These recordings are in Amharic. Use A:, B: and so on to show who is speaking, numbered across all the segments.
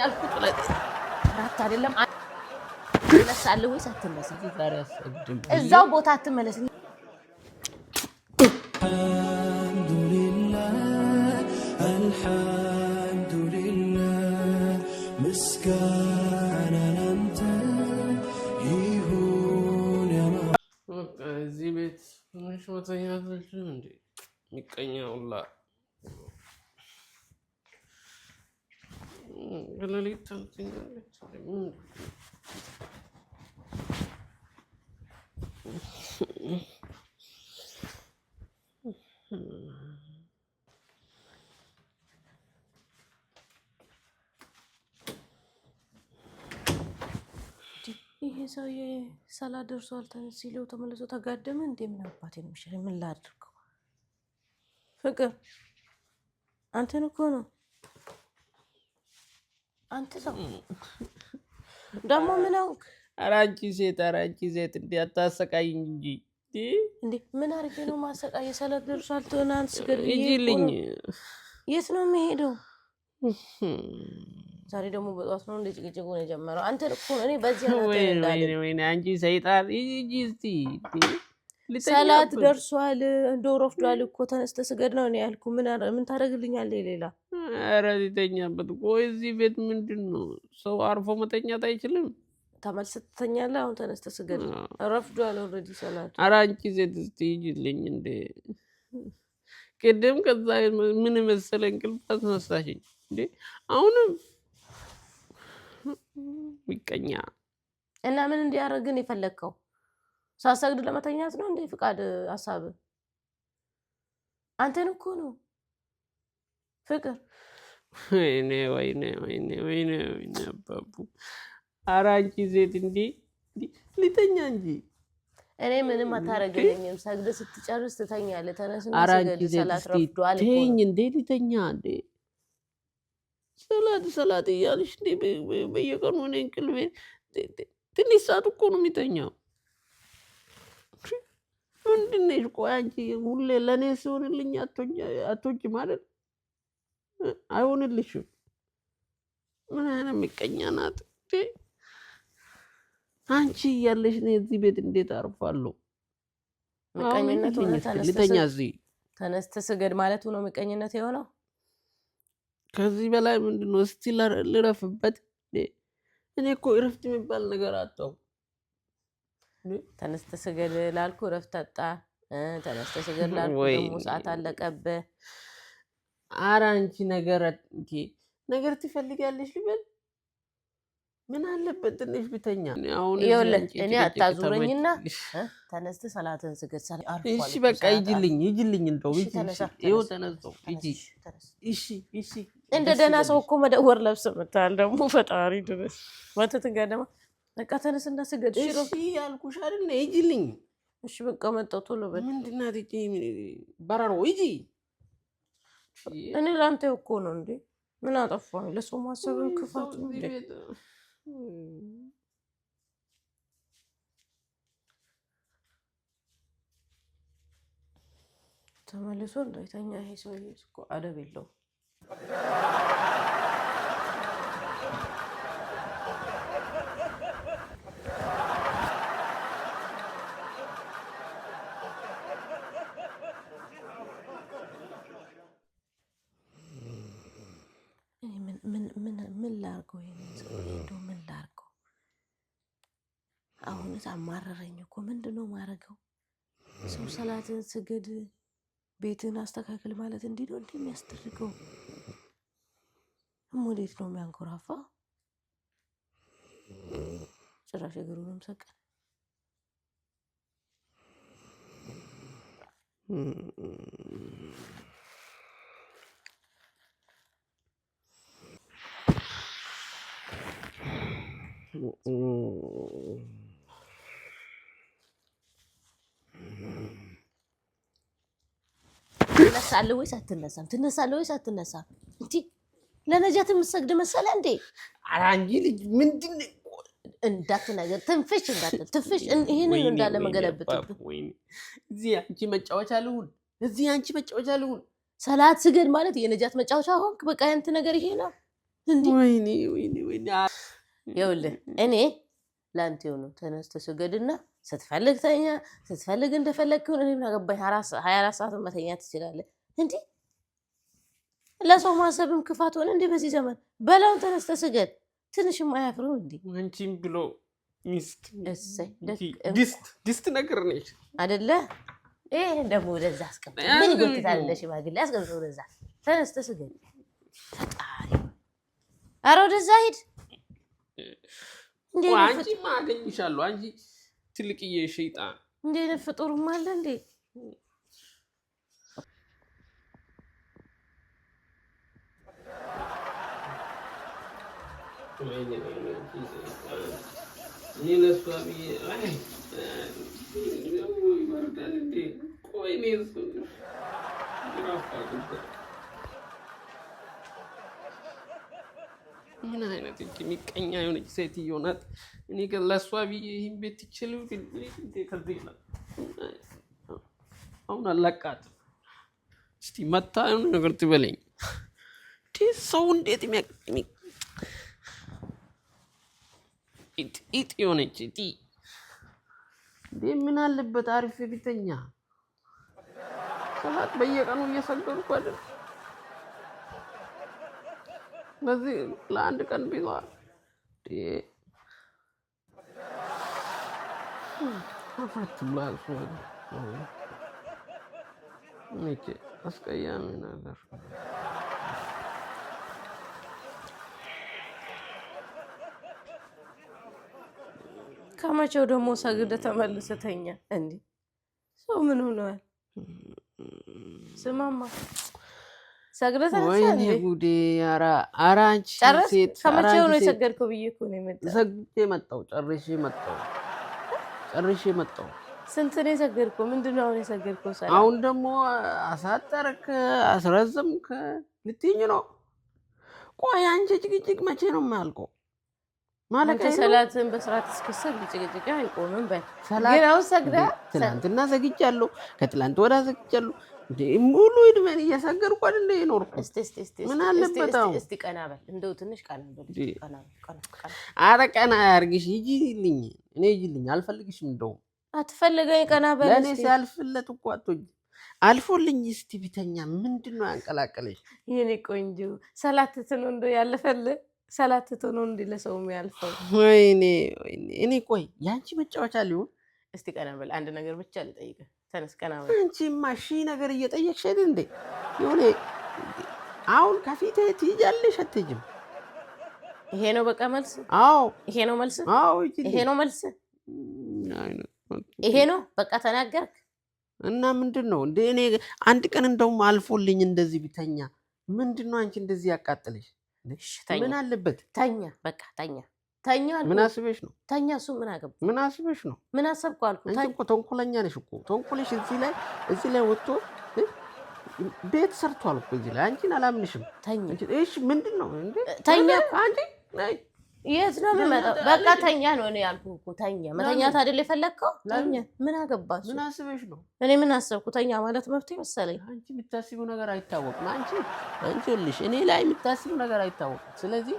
A: ያልኩት ራት አይደለም ትመለሳለህ ወይስ አትመለስም? እዛው ቦታ አትመለስም።
B: እዚህ ቤት ምንሽ መተኛት አልችልም እንዴ? ሚቀኛ ሁላ ይሄ
A: ሰውዬ ሰላ ደርሷል ተነስ ሲለው ተመልሶ ተጋደመ። እንደምን አባት የሚሻል ምን ላድርገው? ፍቅር አንተን እኮ ነው አንተ ሰው ደግሞ ምን አውቅ?
B: ኧረ አንቺ ሴት፣ ኧረ አንቺ ሴት እንዲህ አታሰቃይኝ እንጂ
A: እንዴ! ምን አድርጌ ነው ማሰቃየ? ሰላት ደርሷል። ትናንት ስገድ ይልኝ። የት ነው የሚሄደው? ዛሬ ደግሞ በጠዋት ነው እንደ ጭቅጭቅ ሆነ የጀመረው። አንተ እኮ እኔ በዚህ
B: ወይኔ፣ ወይኔ፣ አንቺ ሰይጣን! ይጂ እስቲ
A: ሰላት ደርሷል። እንደ ረፍዷል እኮ ተነስተ ስገድ ነው እኔ ያልኩ። ምን ታደርግልኛለህ? ሌላ
B: ኧረ ሊተኛበት። ቆይ እዚህ ቤት ምንድን ነው ሰው አርፎ መተኛት አይችልም?
A: ተመልሰህ ትተኛለህ። አሁን ተነስተ ስገድ። ረፍዷል ኦልሬዲ ሰላት።
B: ኧረ አንቺ ሴት እስኪ እንዴ! ቅድም ከዛ ምን መሰለ እንቅልፍ አስነሳሽኝ እንዴ! አሁንም ይቀኛ
A: እና ምን እንዲያደርግን የፈለግከው ሳሰግድ ለመተኛት ነው እንዴ ፍቃድ ሀሳብ አንተን እኮ ነው ፍቅር።
B: ወይኔ ወይኔ ወይኔ ወይኔ ወይኔ አባቡ ኧረ አንቺ ሴት እንዴ ልተኛ እንጂ
A: እኔ ምንም አታረገኝም። ሰግደ ስትጨርስ ትተኛለህ። ተነስ ኧረ አንቺ ሴት ተይኝ
B: እንዴ ልተኛ እንዴ ሰላት ሰላት እያልሽ በየቀኑ እኔ እንቅልቤ ትንሽ ሰዓት እኮ ነው የሚተኛው ምንድን ነሽ? ቆይ አንቺ ሁሌ ለእኔ ሲሆንልኝ አቶች ማለት አይሆንልሽም። ምን አይነት ምቀኛ ናት! አንቺ እያለሽ እኔ እዚህ ቤት እንዴት አርፋለሁ? ልተኛ እዚህ
A: ተነስተ ስገድ ማለቱ ነው ምቀኝነት የሆነው።
B: ከዚህ በላይ ምንድነው ነው? እስቲ ልረፍበት። እኔ እኮ እረፍት የሚባል ነገር አጣሁ።
A: ተነስተ ስገድ ላልኩ እረፍት አጣ። ተነስተ ስገድ ላልኩ ደግሞ ሰዓት አለቀበ።
B: ኧረ አንቺ ነገር ነገር ትፈልጊያለሽ ልበል? ምን አለበት ትንሽ ብተኛ።
A: እኔ አታዙረኝና ተነስተ ሰላትን ስገድ።
B: እሺ በቃ ይጅልኝ ይጅልኝ፣ እንደው ይኸው ተነስተው
A: እንደ ደህና ሰው እኮ መደወር ለብስ ምታል ደግሞ ፈጣሪ ድረስ ወተትን ገደማ በቃ ተነስና ስገድ።
B: እሺ ያልኩሽ አይደል? ሂጂልኝ።
A: እሺ በቃ መጣሁ። ቶሎ
B: በል። ምንድን ናት? ሂጂ በረሮ ሂጂ።
A: እኔ ለአንተ እኮ ነው እንዴ። ምን አጠፋሁ? ለሰው ማሰብ ክፋት ነው እንዴ? ተመልሶ እንዳይተኛ ይሄ ሰው እኮ አደብ የለውም። በጣም ማረረኝ እኮ ምንድን ነው ማረገው? ሰው ሰላትን ስገድ፣ ቤትን አስተካክል ማለት እንዲህ ነው የሚያስደርገው? ወዴት ነው የሚያንኮራፋ? ጭራሽ እግሩንም ሰቀል ትነሳለህ ወይስ አትነሳም? ትነሳለህ ወይስ አትነሳም? እንዴ ለነጃት የምትሰግድ መሰለህ እንዴ?
B: አራንጂ ልጅ ምንድን
A: እንዳትነገር ትንፍሽ እንዳትል ትንፍሽ። ይሄንን እንዳለ መገለብጥ
B: እዚህ አንቺ መጫወቻ ልሁን፣ እዚህ አንቺ መጫወቻ ልሁን።
A: ሰላት ስገድ ማለት የነጃት መጫወቻ ሆንክ። በቃ ያንተ ነገር ይሄ ነው። እንዴ ይኸውልህ እኔ ለአንተ የሆኑ ተነስተ ስገድና ስትፈልግ ተኛ፣ ስትፈልግ እንደፈለግ ሆን እኔ ምን ሀያ አራት ሰዓት መተኛ ትችላለህ። እንዲህ ለሰው ማሰብም ክፋት ሆነ። እንዲህ በዚህ ዘመን በላውን ተነስተ ስገድ ትንሽም አያፍርም። እንዲህ
B: አንቺም ብሎ ዲስት ነገር ነች
A: አደለ? ይህ ደግሞ ወደዛ አስቀምጥ። ምን ይጎትታል? ሽማግሌ አስቀምጥ። ወደዛ ተነስተ ስገድ። ፈጣሪ አረ ወደዛ ሂድ።
B: አንቺ ማገኝሻለሁ። አገኝሻለሁ። አንቺ ትልቅዬ ሸይጣን
A: እንዴ አይነት ፍጡርም አለ እንዴ?
B: እኔ ለእሷ ብዬ ይበርዳል ምን አይነት እጅ የሆነች ሴትዮ ናት። እኔ ግን ለእሷ ብዬ ይህን ቤት ትችል አሁን እስቲ መታ ነገር ትበለኝ። ሰው እንዴት ኢጥ የሆነች ጢ እንዴ ምን አለበት አሪፍ ቢተኛ ሰላት በየቀኑ እየሰገድኩ አይደል? በዚህ ለአንድ ቀን ቢዘዋል አፈትላል አስቀያሚ ነገር
A: ከመቼው ደግሞ ሰግደ ተመልስተኛ እንዲ ሰው ምን ሆነዋል? ስማማ ሰግደ
B: ተወይኔ ጉዴ! ኧረ አንቺ ሴት
A: ከመቼው ነው የሰገድከው ብዬ እኮ ነው የመጣሁት።
B: ሰግጄ መጣሁ። ጨርሼ መጣሁ። ጨርሼ መጣሁ።
A: ስንት ነው የሰገድከው? ምንድን ነው አሁን የሰገድከው?
B: አሁን ደግሞ አሳጠርክ፣ አስረዝምክ ልትይኝ ነው። ቆይ አንቺ ጭቅጭቅ መቼ ነው የማያልቀው?
A: ሰላትን በስርዓት እስክሰግድ ጭቅጭቅ አይቆምም። በግራው ሰግዳ
B: ትናንትና ዘግጃለሁ፣ ከትላንት ወዳ ዘግጃለሁ። ሙሉ እድሜን እያሰገድኩ አይደለ የኖርኩት።
A: ምን አለበት አሁን?
B: ኧረ ቀና ያርግሽ። ሂጂልኝ፣ እኔ ሂጂልኝ፣ አልፈልግሽም። እንደውም
A: አትፈልገኝ፣ ቀና በል።
B: ለእኔ ሲያልፍለት እኮ አቶኝ አልፎልኝ እስቲ ቢተኛ ምንድን ነው ያንቀላቀለሽ?
A: የኔ ቆንጆ ሰላት ትኖ እንደው ሰላት ነው እንዲ ለሰው የሚያልፈው
B: ወይኔ ወይኔ። እኔ ቆይ የአንቺ መጫወቻ ሊሆን
A: እስቲ ቀና በል አንድ ነገር ብቻ ልጠይቅ። ተነስ ቀና በል።
B: አንቺማ ሺ ነገር እየጠየቅሽ አይደል እንዴ? የሆነ አሁን ከፊት ትይጃለሽ አትሄጂም?
A: ይሄ ነው በቃ መልስ? አዎ ይሄ ነው መልስ? አዎ ይሄ ነው መልስ? ይሄ ነው በቃ ተናገርክ።
B: እና ምንድን ነው እንደ እኔ አንድ ቀን እንደውም አልፎልኝ እንደዚህ ቢተኛ ምንድን ነው አንቺ እንደዚህ ያቃጥልሽ? ምን አለበት?
A: ተኛ በቃ ተኛ ተኛ።
B: ምን አስበሽ ነው?
A: ተኛ። እሱ ምን አገባ?
B: ምን አስበሽ ነው?
A: ምን አሰብኩ አልኩ።
B: እኮ ተንኮለኛ ነሽ እኮ ተንኮልሽ እዚህ ላይ እዚህ ላይ ወጥቶ ቤት ሰርቷል እኮ እዚህ ላይ። አንቺን አላምንሽም። ተኛ። እሺ ምንድን ነው?
A: ተኛ አንቺ የት ነው የሚመጣው? በቃ ተኛ ነው እኔ ያልኩህ እኮ ተኛ። መተኛት አይደል የፈለግከው? ተኛ። ምን አገባሽ?
B: ምን አስበሽ ነው?
A: እኔ ምን አሰብኩ? ተኛ ማለት መብትህ መሰለኝ።
B: አንቺ የምታስቢው ነገር አይታወቅም። አንቺ አንቺ ልሽ እኔ ላይ የምታስቢው ነገር አይታወቅም። ስለዚህ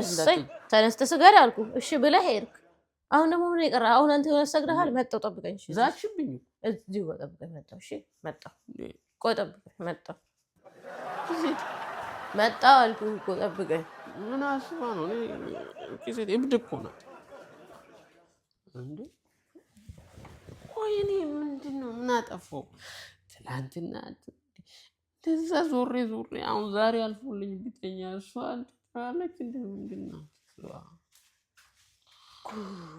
A: እሰይ ተነስተህ ስገድ አልኩህ፣ እሺ ብለህ ሄድክ። አሁን ደግሞ ምን ይቀራ? አሁን አንተ የሆነ ሰግደሃል። መጣሁ፣ ጠብቀኝ።
B: እሺ ዛችብኝ፣
A: እዚሁ ጋር ጠብቀኝ። መጣሁ። እሺ መጣሁ። ቆይ ጠብቀኝ። መጣሁ፣ መጣሁ አልኩ እኮ ጠብቀኝ
B: ምን አስባ ነው? ሴት እብድ እኮ ናት እንዴ! ቆይ እኔ ምንድን ነው ምን አጠፋው? ትላንትና እንደዛ ዞሬ ዞሬ አሁን ዛሬ አልፎልኝ ብተኛ እሷ ትራለች። እንደ ምንድን ነው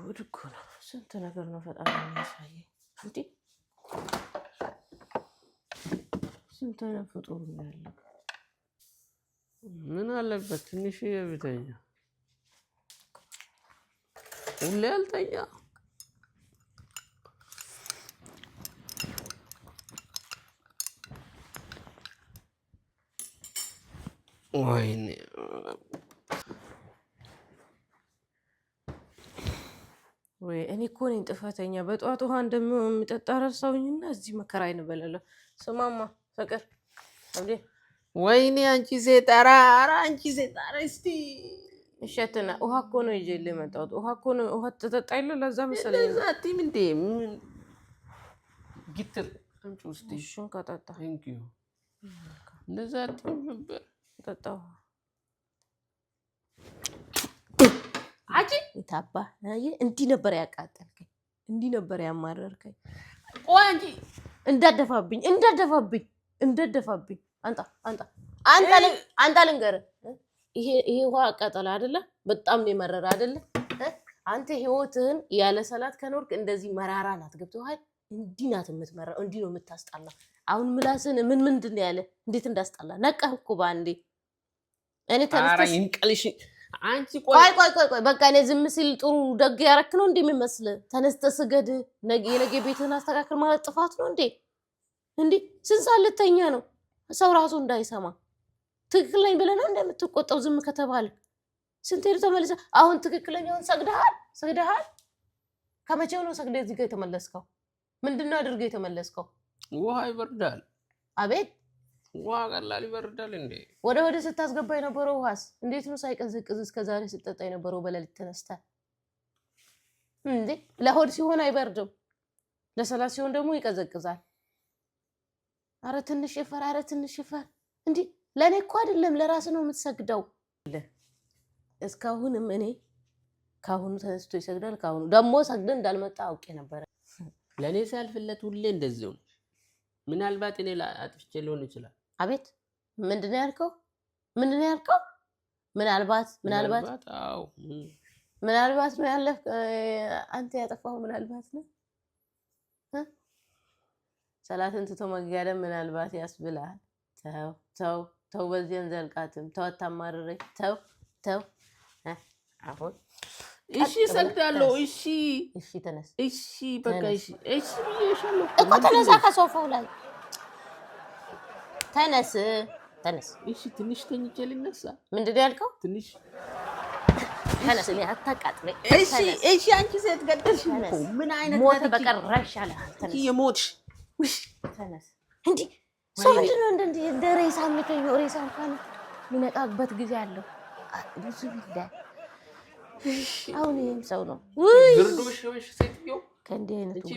A: ጉድ እኮ ነው። ስንት ነገር ነው ፈጣሪ እንዴ! ስንት ነገር ፍጡር ያለው
B: ምን አለበት ትንሽ ብተኛ፣ ሁሌ አልተኛ። ወይኔ
A: ወይ እኔ እኮ ነኝ ጥፋተኛ። በጠዋት ውሃ የሚጠጣ ረሳውኝና እዚህ መከራ አይንበላለሁ። ስማማ ፍቅር
B: ወይኔ አንቺ ሴት! ኧረ ኧረ አንቺ ሴት! ኧረ እስቲ
A: እሸትና ውሃ እኮ ነው ይዤልህ የመጣሁት። ውሃ እኮ ነው። ውሃ ተጠጣ ለዛ መሰለኝ።
B: አትይም እንዴ? ግትር አንቺ ውስጥ እሺን ከጠጣ እንደዛ አትይም ነበር። ጠጣ ውሃ
A: አጂ የታባ እንዲህ ነበር ያቃጠልከኝ፣ እንዲህ ነበር ያማረርከኝ። ቆይ አንቺ እንዳደፋብኝ፣ እንዳደፋብኝ፣ እንዳደፋብኝ አንጣ አንጣ አንጣ ልንገርህ፣ ይሄ ይሄ ውሃ አቃጠለ አይደለ? በጣም ነው የመረረ አይደለ? አንተ ህይወትህን ያለ ሰላት ከኖርክ እንደዚህ መራራ ናት። ገብቶሃል? እንዲህ ናት የምትመራው፣ እንዲህ ነው የምታስጣላ። አሁን ምላስን ምን ምንድን ነው ያለ? እንዴት እንዳስጣላ ነቃህ እኮ በአንዴ። እኔ ተነስተሽ አንቺ ቆይ ቆይ ቆይ ቆይ፣ በቃ እኔ ዝም ሲል ጥሩ ደግ ያረክ ነው እንዴ የሚመስልህ? ተነስተህ ስገድ፣ የነገ ቤትህን አስተካክል ማለት ጥፋት ነው እንዴ? እንዴ ስንት ሰዓት ልተኛ ነው? ሰው ራሱ እንዳይሰማ ትክክል ነኝ ብለህ ነው እንደምትቆጠው ዝም ከተባለ ስንት ተመልሰ አሁን ትክክለኛውን ሰግደሃል ሰግደሃል ከመቼው ነው ሰግደህ እዚህ ጋር የተመለስከው ምንድን ነው አድርገህ የተመለስከው
B: ውሃ ይበርዳል አቤት ውሃ ቀላል ይበርዳል እንዴ
A: ወደ ወደ ስታስገባ የነበረው ውሃስ እንዴት ነው ሳይቀዝቅዝ እስከዛሬ ስጠጣ የነበረው በሌሊት ተነስተ? እንዴ ለሆድ ሲሆን አይበርድም ለሰላት ሲሆን ደግሞ ይቀዘቅዛል አረ ትንሽ ይፈር፣ አረ ትንሽ ይፈር። እንዲህ ለእኔ እኮ አይደለም ለራስ ነው የምትሰግደው። እስካሁንም እኔ ከአሁኑ ተነስቶ ይሰግዳል። ከአሁኑ ደግሞ ሰግደን እንዳልመጣ አውቄ ነበረ።
B: ለእኔ ሲያልፍለት ሁሌ እንደዚሁ ምናልባት እኔ አጥፍቼ ሊሆን ይችላል።
A: አቤት ምንድነው ያልከው? ምንድነው ያልከው? ምናልባት ምናልባት ምናልባት ነው ያለፍ አንተ ያጠፋው ምናልባት ነው ሰላትን ትቶ መጋደም ምናልባት ያስብልሃል። ተው ተው ተው፣ በዚህ እንዘልቃትም። ተው አታማርረኝ። ተው ተው።
B: አሁን እሺ እሰግዳለሁ። እሺ እሺ፣ ተነስ። እሺ በቃ እሺ እሺ ብዬሻለሁ
A: እኮ ተነሳ፣ ከሶፋው ላይ ተነስ፣ ተነስ።
B: እሺ ትንሽ ተኝቼ ልነሳ። ምንድን ነው ያልከው? ትንሽ
A: ተነስ። እኔ አታቃጥለኝ።
B: እሺ እሺ። አንቺ ሴት ገደልሽ
A: እኮ ምን አይነት ሞት በቀረሽ አለ።
B: ተነስ የሞትሽ
A: እንዲህ ሰው ምንድን እንደ ሬሳ የሚተኘው? ሬሳ እንኳን የሚነቃበት ጊዜ አለው። ብዙ አሁን ይህም ሰው ነው ከእንዲህ አይነቱ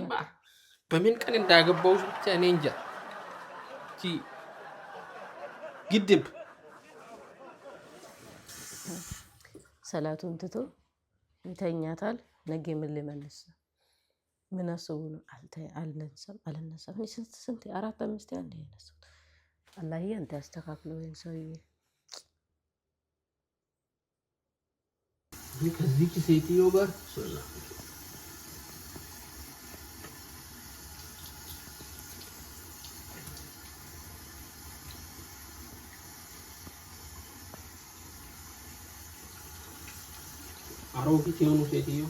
B: በምን ቀን እንዳገባው ብቻ እኔ እንጃ። ግድብ
A: ሰላቱን ትቶ ይተኛታል። ነገ ምን ልመልስ ነው? ምን አስቡ ነው? አልነሳም አልነሳም። ስንት ስንት አራት አምስት አንድ ያነሱት አላህዬ፣ አንተ ያስተካክለ ወይም ሰውዬ
B: ከዚች ሴትዮ ጋር አሮጊት የሆኑ ሴትዮ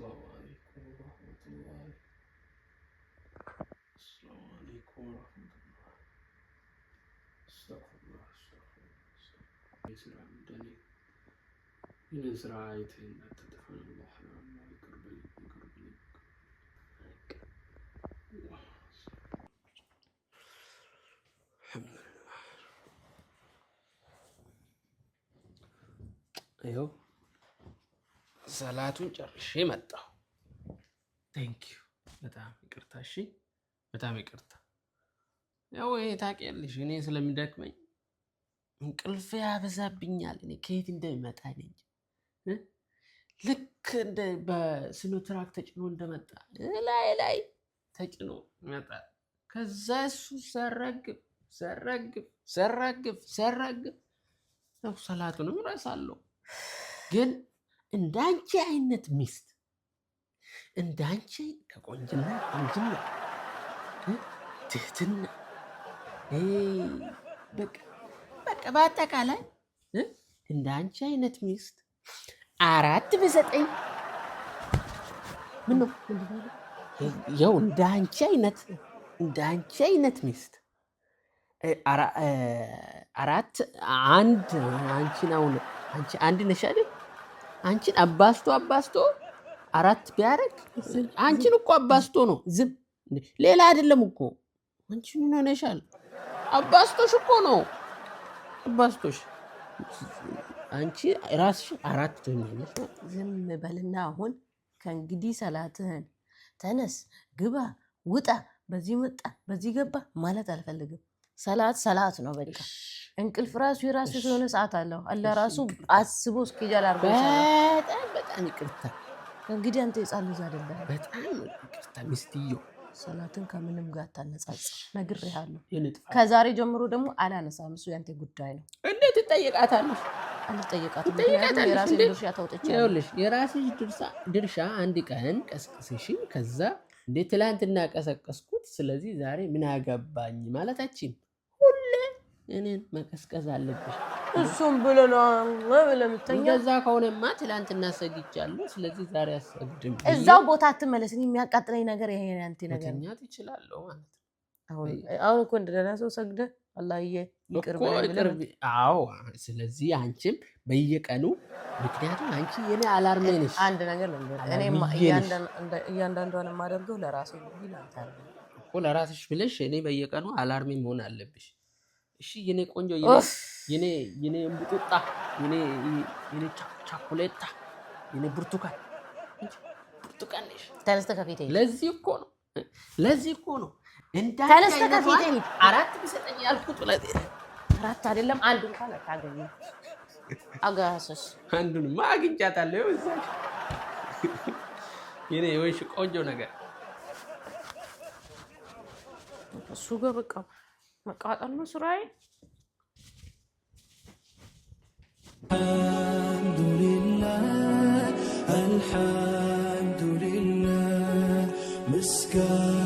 B: السلام عليكم ورحمة الله السلام عليكم ورحمة الله استغفر الله استغفر الله يسر عمدني من يسر عايتين أتدفن الله حرام يقرب لي يقرب لي الحمد لله أيوه ሰላቱን ጨርሼ መጣሁ። ቴንኪዩ በጣም ይቅርታ። እሺ በጣም ይቅርታ። ያው ይሄ ታውቂያለሽ፣ እኔ ስለሚደክመኝ እንቅልፍ ያበዛብኛል። እኔ ከየት እንደሚመጣ ነኝ ልክ እንደ በስኖ ትራክ ተጭኖ እንደመጣ ላይ ላይ ተጭኖ ይመጣል። ከዛ እሱ ሰረግፍ ሰረግፍ ሰረግፍ ሰረግፍ ሰላቱንም እረሳለሁ ግን እንዳንቺ አይነት ሚስት እንዳንቺ ከቆንጅና ቆንጅና ትህትና
A: በቃ በአጠቃላይ
B: እንዳንቺ አይነት ሚስት አራት ብሰጠኝ ምን ነው ያው እንዳንቺ አይነት እንዳንቺ አይነት ሚስት አራት አንድ አንቺን አሁን አንቺ አንድ ነሽ አይደል? አንቺን አባስቶ አባስቶ አራት ቢያደርግ አንቺን እኮ አባስቶ ነው። ዝም ሌላ አይደለም እኮ አንቺ ምን ሆነሻል? አባስቶሽ እኮ ነው አባስቶሽ። አንቺ ራስሽ አራት ትሆኛለሽ።
A: ዝም በልና አሁን ከእንግዲህ ሰላትህን ተነስ፣ ግባ፣ ውጣ፣ በዚህ መጣ፣ በዚህ ገባ ማለት አልፈልግም። ሰላት ሰላት ነው በቃ እንቅልፍ ራሱ የራሱ የሆነ ሰዓት አለው። አላ ራሱ አስቦ እስኪጃል አርጎ
B: በጣም በጣም ይቅርታ።
A: እንግዲህ አንተ የጻን ልጅ አይደለም።
B: በጣም ይቅርታ ሚስትዮ፣
A: ሰላትን ከምንም ጋር ታነጻጽር ነግሬሃለሁ። ከዛሬ ጀምሮ ደግሞ አላነሳም። እሱ ያንተ ጉዳይ ነው።
B: እንዴት ትጠይቃታለሽ?
A: አልጠየቃትም።
B: ድርሻ የራስሽ ድርሻ አንድ ቀን ቀስቅስሽ ከዛ እንዴት ትላንትና ቀሰቀስኩት፣ ስለዚህ ዛሬ ምን አገባኝ ማለታችን እኔን መቀስቀዝ አለብሽ።
A: እሱም ብለናላ
B: ብለምተኛ እንደዛ ከሆነማ ትላንትና ሰግጃለሁ፣ ስለዚህ ዛሬ አሰግድም።
A: እዛው ቦታ አትመለስ። የሚያቃጥለኝ ነገር ይሄ ያንቴ
B: ነገር መተኛት ይችላለሁ ማለት
A: አሁን እኮ እንደደህና ሰው ሰግደ አላየ ይቅር
B: አዎ፣ ስለዚህ አንቺም በየቀኑ ምክንያቱም አንቺ የኔ አላርሜ
A: ነሽ። አንድ ነገር እያንዳንዷን የማደርገው ለራሴ
B: ለራስሽ ብለሽ እኔ በየቀኑ አላርሜ መሆን አለብሽ። እሺ የኔ ቆንጆ የኔ የኔ እምቡጡጣ የኔ የኔ ቻኮሌታ የኔ ብርቱካን ብርቱካን ነሽ። ተነስተ ከፊቴ ለዚህ እኮ ነው ለዚህ እኮ ነው እንዳ ተነስተ ከፊቴ አራት ብሰጠኝ ያልኩት ብለህ አራት አይደለም አንድ እንኳን አታገኝ። አጋሶስ አንዱን አግኝቻታለሁ። እዛ የኔ ወይሽ ቆንጆ ነገር እሱ ጋር በቃ መቃጠል ነው ስራዬ። አልሐምዱሊላህ አልሐምዱሊላህ ምስጋና